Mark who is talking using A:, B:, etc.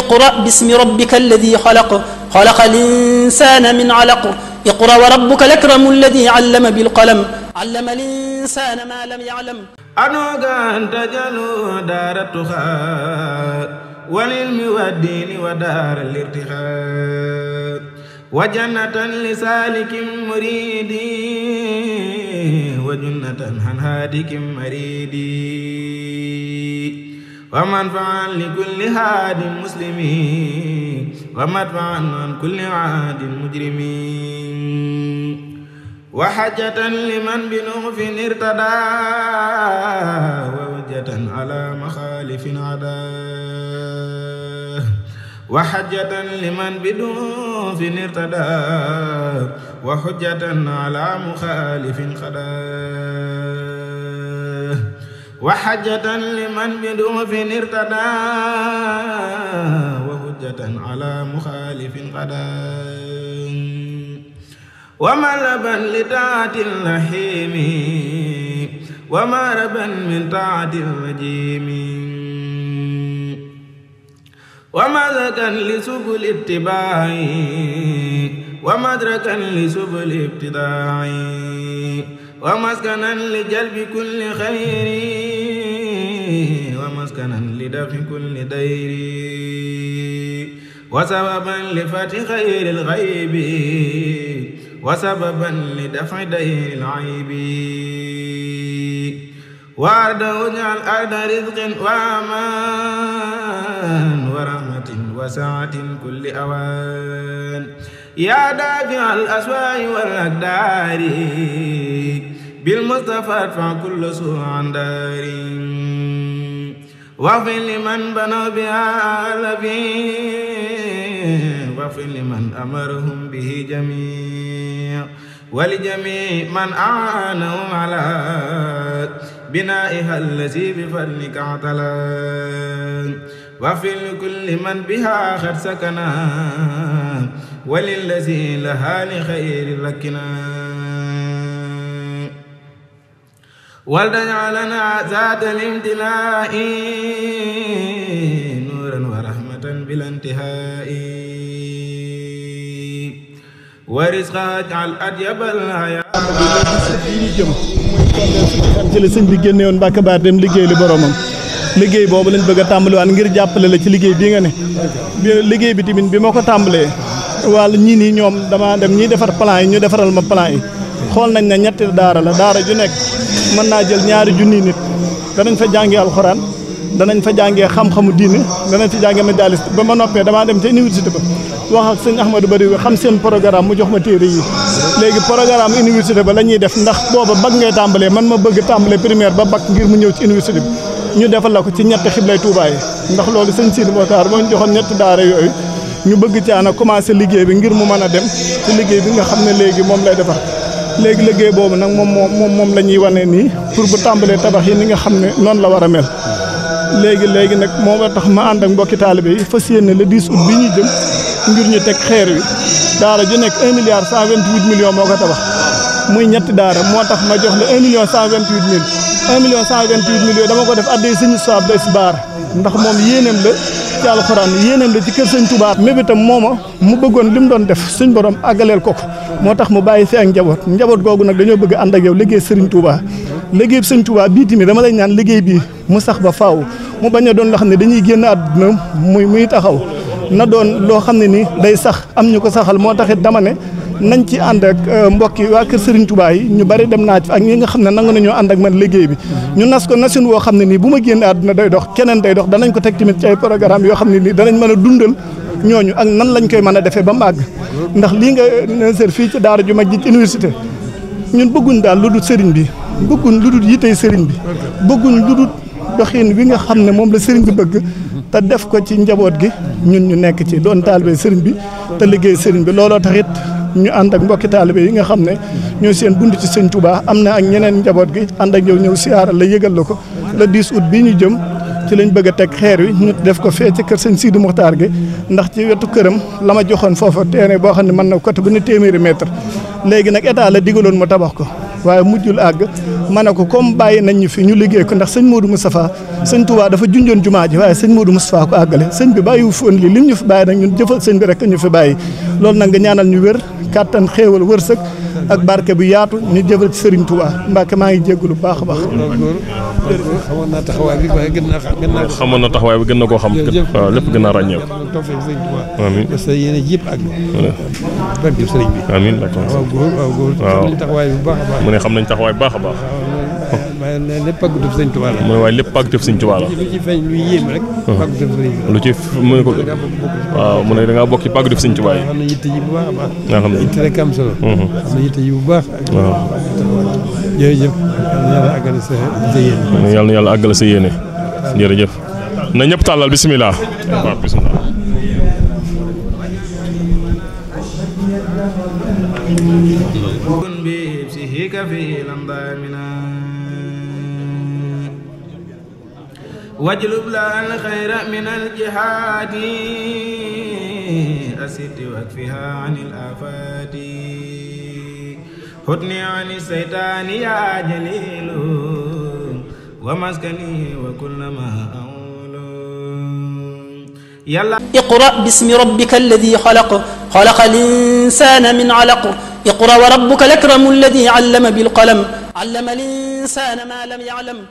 A: اقرأ باسم ربك الذي خلق خلق الإنسان من علق اقرأ وربك الأكرم الذي علم بالقلم
B: علم الإنسان ما لم يعلم أنا أنت جلو دار التخاء والعلم والدين ودار الارتخاء وجنة لسالك مريد وجنة عن هادك مريد
A: ومنفعا
B: لكل هاد مسلمين ومدفعا عن كل عاد مجرمين وحجة لمن بنوف ارتدى ووجة على مخالف عداه وحجة لمن بنوف ارتدى وحجة على مخالف خدا وحجة لمن بدوف ارتدى وهجة على مخالف غدا وملبا لطاعة اللحيم ومربا من طاعة الرجيم ومدركا لسبل اتباعي ومدركا لسبل ابتداعي ومسكنا لجلب كل خير ومسكنا لدفع كل دير وسببا لفتح خير الغيب وسببا لدفع دير العيب وارد وجعل أرض رزق وأمان ورحمة وسعة كل أوان يا دافع الأسواء والأقدار بالمصطفى ادفع كل سوء عن داري واغفر لمن بنى بها لبي واغفر لمن امرهم به جميع ولجميع من اعانهم على بنائها الذي بفضلك اعتلى واغفر لكل من بها قد سكنا وللذي لها لخير لكنا ولنجعلنا ذات الامتلاء نورا ورحمة بلا انتهاء ورزقا اجعل أطيب الحياة
A: ci la sëñ bi génne woon Mbàkke Baar dem liggéey li boromam liggéey boobu lañ bëgg a tàmbaliwaat ngir jàppale la ci liggéey bii nga ne liggéey bi tamit ni ma ko tàmbalee wàll ñii ni ñoom dama dem ni defar plan yi ñu defaral ma plan yi xool nañ ne ñetti daara la daara ju nekk mën naa jël ñaari junni nit danañ fa jàngee alxuraan danañ fa jàngee xam-xamu diine danañ fa jàngee médalis ba ma noppee damaa dem ca université ba wax ak sëñ Ahmadou Bari bi xam seen programme mu jox ma téere yi léegi programme université ba la ñuy def ndax booba bag ngay tàmbalee man ma bëgg tàmbalee primaire ba bag ngir mu ñëw ci université bi ñu defal la ko ci ñetti xiblay Tuubaa yi ndax loolu sëñ Sidi Mokhtar moo ñu joxoon ñetti daara yooyu ñu bëgg caa na commencé liggéey bi ngir mu mën a dem liggéey bi nga xam ne léegi moom lay defar léegi liggéey boobu nag moom moom moom la ñuy wane nii pour bu tàmbalee tabax yi ni nga xam ne noonu la war a mel. léegi léegi nag moo war tax ma ànd ak mbokki taalibe yi yéen yéene le 10 août bi ñu jëm ngir ñu teg xeer wi daara ju nekk 1 milliard 128 millions moo ko tabax muy ñetti daara moo tax ma jox la 1 million 128 mille million 128 millions dama ko def addee suñu soixante des baar ndax moom yéeneem la. ci alxuraan yéeneen la ci kër sëñ Touba mébitam mooma mu bëggoon li mu doon def suñ borom àggaleel ko ko moo tax mu bàyyi fi ak njaboot njaboot googu nag dañoo bëgg ànd ak yow liggéey sëriñ Touba liggéey bi sëñ Touba bii tamit dama lay ñaan liggéey bii mu sax ba faaw mu bañ a doon loo xam ne dañuy génn at àdduna muy muy taxaw na doon loo xam ne nii day sax am ñu ko saxal moo taxit dama ne nañ ci ànd ak euh, mbokk yi waa kër Serigne tubaay yi ñu bari dem naa ci ak ñi nga xam ne nangu nañoo ànd ak man liggéey bi ñu nas ko nasin woo xam ne nii bu ma génn àdduna day dox keneen day dox danañ ko teg tamit ci ay programme yoo xam ne nii danañ man a dundal ñooñu ak nan lañ koy mën a defee ba mu àgg ndax lii nga sër fii ci daara ju mag ji ci université ñun bëgguñ daal lu dul sëriñ bi bëgguñ lu dul yitey sëriñ bi bëgguñ lu dul doxin wi nga xam ne moom la sëriñ bëgg te def ko ci njaboot gi ñun ñu nekk ci doon taalibe sëriñ bi te liggéey sëriñ bi looloo tax it ñu ànd ak mbokki taalibe yi nga xam ne ñooy seen dund ci sëñ Touba am na ak ñeneen njaboot gi ànd ak yow ñëw siyaara la yëgal la ko le 10 août bii ñu jëm ci lañ bëgg a teg xeer wi ñu def ko fee ci kër sëñ siidu Muxtaar gi ndax ci wetu këram la ma joxoon foofa terrain boo xam ne mën na côté bu ne téeméeri mètre léegi nag état la digaloon mu tabax ko waaye mujjul àgg ma ne ko comme bàyyi nañ ñu fi ñu liggéey ko ndax sëñ Modou Moustapha sëñ Touba dafa junjoon jumaa ji waaye sëñ Modou Moustapha ko àggale sëñ bi bàyyiwu foon li lim ñu fi bàyyi nag ñun jëfal sëñ bi rek ñu fi bàyyi loolu nag nga ñaanal ñu wér kàttan xéewal wërsëg ak barke bu yaatu ñu jëfal ci Serigne Touba maa ngi jéggalu baax a baax. xamoon naa taxawaay waaye gën naa xam gën naa ko xamoon na taxawaay na koo xam waaw lépp gën naa ràññeeku amiin sa yëpp ak barke Serigne bi taxawaay bu baax a ne xam nañ taxawaay bu baax a baax waaye lépp pàggatu sëñ Tuubaa la. mu ne waaye lépp pàggatu sëñ Tuubaa la. lu ci feeñ lu yéem lu ci mu ne ko waaw mu ne ci pàggatu sëñ Tuubaa yi. a baax. nga xam ne yi bu baax. waaw jërëjëf yàlla àggale sa yéene. yàlla tàllal bisimilah.
B: واجلب لها الخير من الجهاد أسد واكفها عن الآفات حطني عن الشيطان يا جليل ومسكني وكل ما أقول يلا
A: اقرأ باسم ربك الذي خلق خلق الإنسان من علق اقرأ وربك الأكرم الذي علم بالقلم علم الإنسان ما لم يعلم